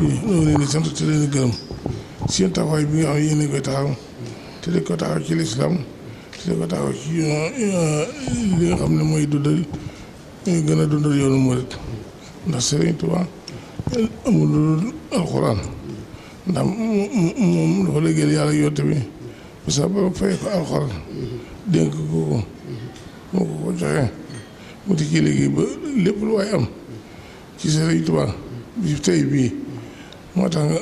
fii ñoo leen di sant te leen di gërëm bi nga xam ne koy taxaw te di ko taxaw ci lislaam te di ko taxaw ci euh, euh, li xam ne mooy dundal gën a dundal yoonu murit ndax Sëriñ Tuubaa amul lu alxuraan ndax moom dafa liggéeyal yàlla yonte bi parce que ba fay ko alxuraan dénk ko ko moo ko ko joxee mu di ci liggéey ba lépp lu waay am ci Sëriñ Tuubaa bi tey bii moo tax nga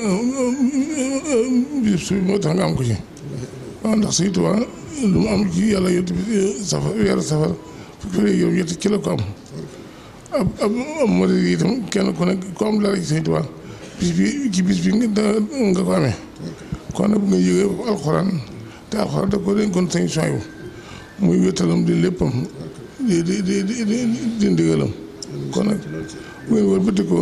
moo tax nga am ko ci waaw ndax Sëñ Tuubaa lu mu am ci yàlla yóbbu bi weeru safar fukki fan ci la ko am ab ab ab yi itam kenn ku nekk ku am dara ci Sëñ Tuubaa bis bi ci bis bi nga ko amee kon nag bu nga yëgee alxuraan te alxuraan da ko dénkoon Sëñ Suwaybu muy wéttalam di léppam di di di di di ndigalam kon nag bu ngeen wëlbati ko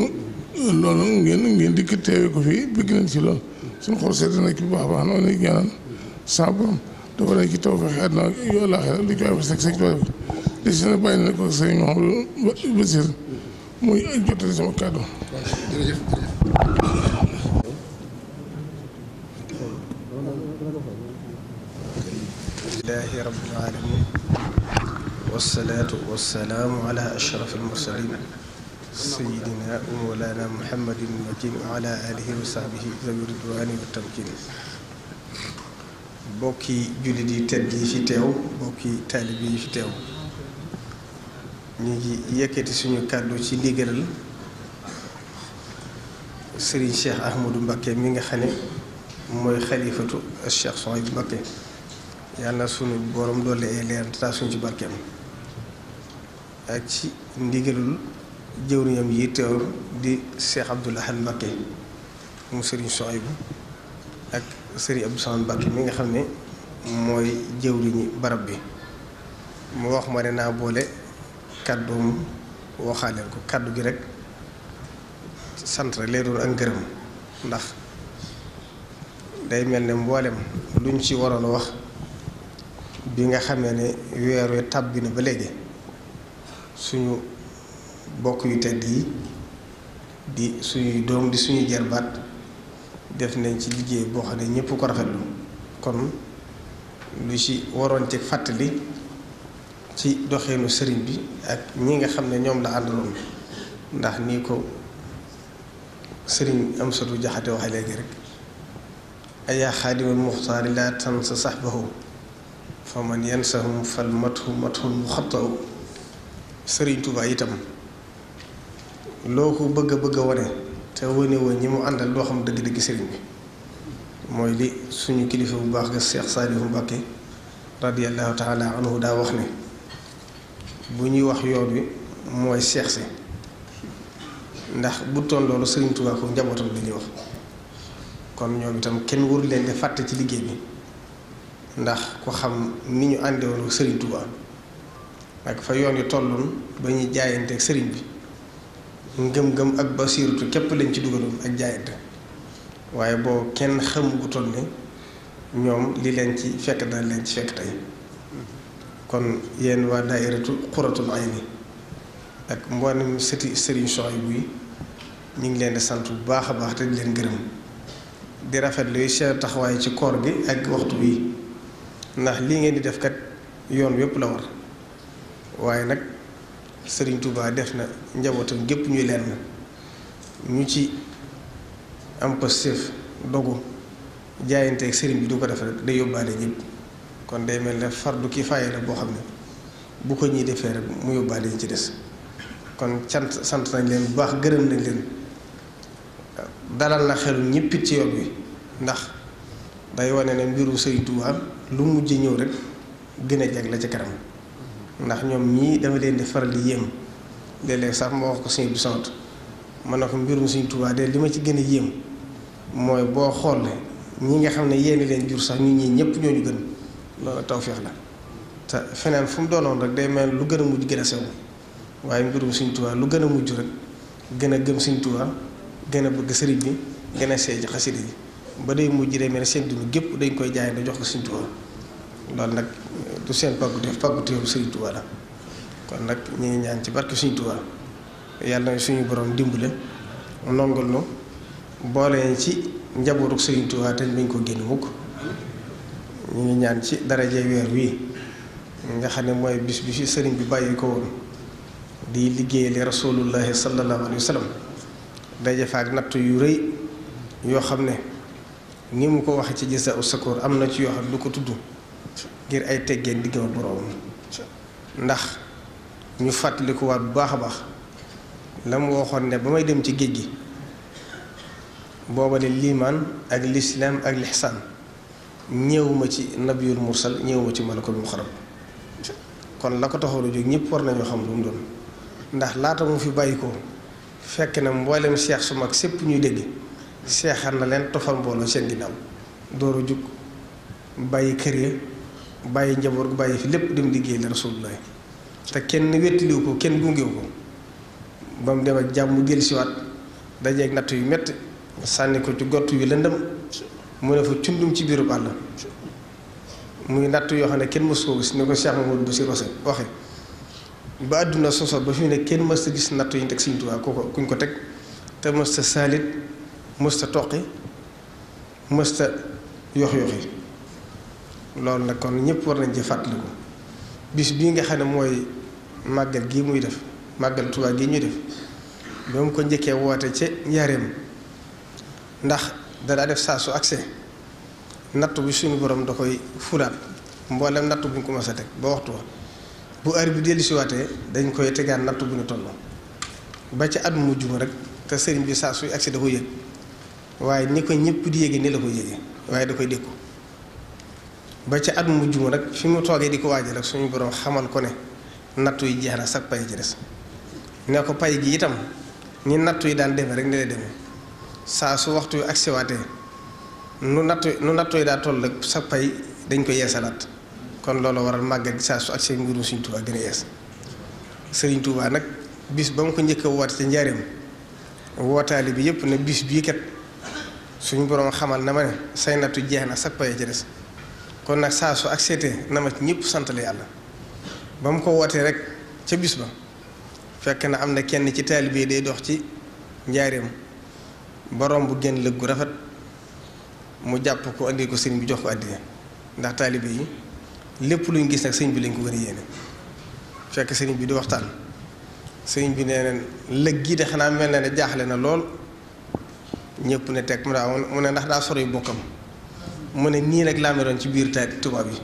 loolu ngeen ngeen dikk teewee ko fii bëgg nañ ci loolu suñu xol sedd na ci bu baax a baax noonu lañ ñaanal sa borom dafa lay ci taw fexe àdduna ak yoo laaxee li koy fas ak sëñ Tuubaa li si ne bàyyi na ko sëñ Mouhamadou Basir muy jottali sama kàddu. jërëjëf jërëjëf. لله رب العالمين والصلاة والسلام على أشرف المرسلين سيدنا مولانا محمد المجين وعلى اله وصحبه ذوي الرضوان والتمكين بوكي جولدي تدي في تيو بوكي طالبي في تيو نيجي يكيتي سونو كادو سي ليغرال سيرين شيخ احمد مبكي ميغا خاني موي خليفته الشيخ صهيب مبكي يالنا سونو بوروم دولي اي لير تاسون سي باركام ak ci ndigalul jëwriñam yi teew di Cheikh Abdoul Ahad Mbacké moom Serigne Souhaïbou ak Serigne Abdou Samane Mbacké mi nga xam ne mooy jëwriñi barab bi mu wax ma ne naa boole kàddoom waxaaleel ko kàddu gi rek sant rek lay ak ngërëm ndax day mel ne mboolem luñ ci waroon wax bi nga xam ne weer wi tàbbina ba léegi suñu bokk yu tedd yi di suñuy doom di suñuy jarbaat def nañ ci liggéey boo xam ne ñëpp ko rafetlu kon lu ci waroon ci fàttali ci doxeenu sëriñ bi ak ñi nga xam ne ñoom la àndaloon ndax nii ko sëriñ am satu jaxate waxe léegi rek ayaa xaadimal muxtaari laa tansa saxbahu fa man yansahum fal mathu mathul muxataw sëriñ Tuubaa itam loo ko bëgg a bëgg a wane te wane woon ñi mu àndal doo xam dëgg-dëgg sëriñ bi mooy li suñu kilifa bu baax nga Cheikh Saliou Mbacké radiyallahu taala anhu daa wax ne bu ñuy wax yoon wi mooy seex si ndax bu toon loolu sëriñ Tuubaa ko njabootam la wax kon ñoom itam kenn waru leen di fàtte ci liggéey bi ndax ko xam ni ñu àndewoon ak sëriñ Tuubaa ak fa yoon yi tolloon ba ñuy jaayanteeg sëriñ bi ngëm-ngëm ak basiiratu képp lañ ci dugaloon ak jaayante waaye boo kenn xamugutoon ne ñoom li leen ci fekk dana leen ci fekk tey kon yéen waa daairatu xuratul ayni ak mboolem sëti sëriñ soxay buy ñu ngi leen di sant bu baax a baax te di leen gërëm di rafetlu seen taxawaay ci koor gi ak waxtu bi ndax lii ngeen di def kat yoon wépp la war waaye nag sëriñ Touba def na njabootum gépp ñuy lenn ñu ci am positif dogu jaayanteeg sëriñ bi du ko def rek day yóbbaale ñëpp kon day mel ne fardu kifaaya la boo xam ne bu ko ñuy defee rek mu yóbbaale ñu ci des kon cant sant nañ leen bu baax gërëm nañ leen dalal na xelu ñëppit ci yoon wi ndax day wane ne mbiru sëriñ Touba lu mujj ñëw rek gën a jag la ci kanam ndax ñoom ñii dama leen di faral di yéem léeg-léeg sax ma wax ko suñu du sant ko mbirum suñu de li ma ci gën a yéem mooy boo xool ñi nga xam ne yéen leen jur sax ñu ñii ñëpp ñoo ñu gën loolu tawféex la te feneen fu mu doonoon rek day mel lu gën a mujj gën a sew waaye mbirum suñu Tuubaa lu gën a mujj rek gën a gëm suñu Tuubaa gën a bëgg sëriñ bi gën a seey xasida yi ba day mujj day mel seen dund gépp dañ koy jaay da jox ko suñu loolu nag du seen pàgguteef pàgguteefu Sëriñ Tuubaa la kon nag ñu ngi ñaan ci barke Sëriñ Tuubaa yàlla suñu borom dimbale nongal nu boole ci njabootu Sëriñ Tuubaa te bañ ko génn mukk ñu ngi ñaan ci daraje weer wii nga xam ne mooy bis bi fi sëriñ bi bàyyi ko woon di liggéey rasulullahi sallallahu alayhi wa sallam daje fa ak natt yu rëy yoo xam ne ni mu ko waxee ci gisa u am na ci yoo xam du ko tudd ngir ay teggeen diggam boroom ndax ñu fàttalikuwaat bu baax a baax la mu waxoon ne ba may dem ci géej gi booba de liimaan ak lislaam ak lixsaan ñëwuma ci nabiyul mursal ñëwuma ci ko malakul muxaram kon la ko taxalu jóg ñëpp war nañoo xam lu mu doon ndax laata mu fi bàyyi ko fekk na mboolem seex su mag sépp ñuy dégg seexal na leen tofal mbooloo seen ginnaaw dooru jug bàyyi kër ya bàyyi njaboot bàyyi fi lépp dem liggéey la rasulullah te kenn wettiliwu ko kenn gungewu ko ba mu dem ak jàmm mu jël siwaat dajeeg natt yu mett sànni ko ci gott yu lëndëm mu ne fa cundum ci biirub àll muy natt yoo xam ne kenn mës koo gis ni ko Cheikh Mamadou Bassirou Wasse waxe ba àdduna ne kenn mës ta gis natt yi ñu teg Sëriñ ku ko kuñ ko teg te mës ta saalit mës ta toqi mës yox yoxi loolu nag kon ñëpp war nañ ci fàttaliku bis bii nga xam ne mooy màggal gii muy def màggal Tuubaa gii ñuy def ba mu ko njëkkee woote ca njaareem ndax danaa def saa su accès natt bi suñu borom da koy fulaat mboolem nattu bu ñu ko mës teg ba waxtu wa bu heure bi dellusiwaatee dañ koy tegaat nattu bu ñu tolloo ba ca at mujj ma rek te sëriñ bi saa suy agsi da ko yëg waaye ni ko ñëpp di yége ni la ko yége waaye da koy dékku ba ci at mujj ma nag fi mu toogee di ko waajal rek suñu borom xamal ko ne nattu yi jeex na sax pay ci ne ko pay gi itam ni nattu yi daan demee rek ni lay saa su waxtu yu agsiwaatee nu nattu nu nattu yi daa toll rek sax pay dañ ko yeesalaat kon loolu waral màggal saa su agsi mbirum Sëriñ Tuubaa gën a nag bis ba ko njëkk a woote ca njaareem bi yëpp ne bis suñu borom xamal na ma ne jeex na sax pay des kon nag saa su ak seetee na ma ci ñëpp santale yàlla ba mu ko wootee rek ca bis ba fekk na am na kenn ci taalibe day dox ci njaareem borom bu génn lëg gu rafet mu jàpp ko andi ko sëñ bi jox ko àddiya ndax taalibe yi lépp luñ gis nag sëñ bi lañ ko gën a yéene fekk sëñ bi di waxtaan sëñ bi nee na lëg gii de xanaa mel na ne jaaxle na lool ñëpp ne teg mu daa mu ne ndax daa sori bokkam mu ne nii nag laa meloon ci biir taat tubaab yi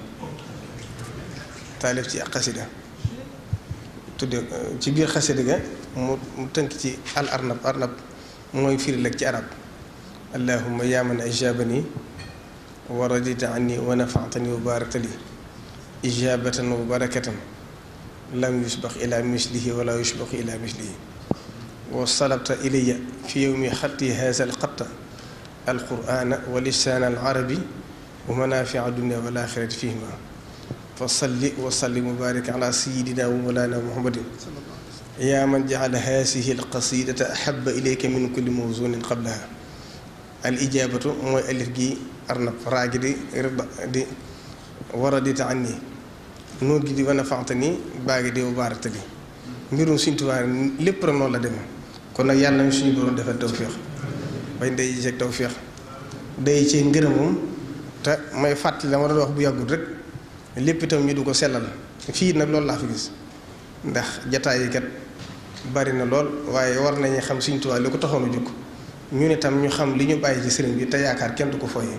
taalif ci xasida tudde ci biir xasida ga mu mu tënk ci al arnab arnab mooy firi lek ci arab allahumma yaa man ajabani wa radita anni wa nafaatani wa barakta li ijabatan wa barakatan lam yusbax ila mislihi wala yusbax ila mislihi wa salabta ilayya fi yowmi xatti haasa alqatta القرآن ولسان العربي ومنافع الدنيا والآخرة فيهما فصلي وسلم مبارك على سيدنا ومولانا محمد يا من جعل هذه القصيدة أحب إليك من كل موزون قبلها الإجابة موي ألف جي أرنب راجدي رب دي وردت عني نور جدي ونفعتني باقي دي وبارتني ميرون سنتوار لبرنا لدم كنا يالا سني بروم دفال توفيق bañ day yéeg tawféex day ci ngërëmam te may fàttali dama doon wax bu yàggul rek lépp itam ñu du ko sellal fii nag loolu laa fi gis ndax jataay yi kat bari na lool waaye war nañu xam Sëriñ Tuubaa li ko taxoon jukk ñu ne tam ñu xam li ñu bàyyi ci sëriñ bi te yaakaar kenn du ko fooyee.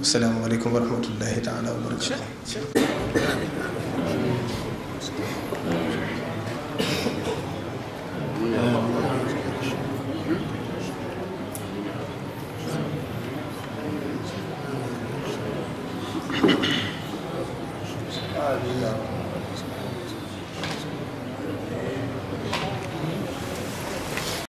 asalaamaaleykum wa rahmatullahi taala wa barakatuh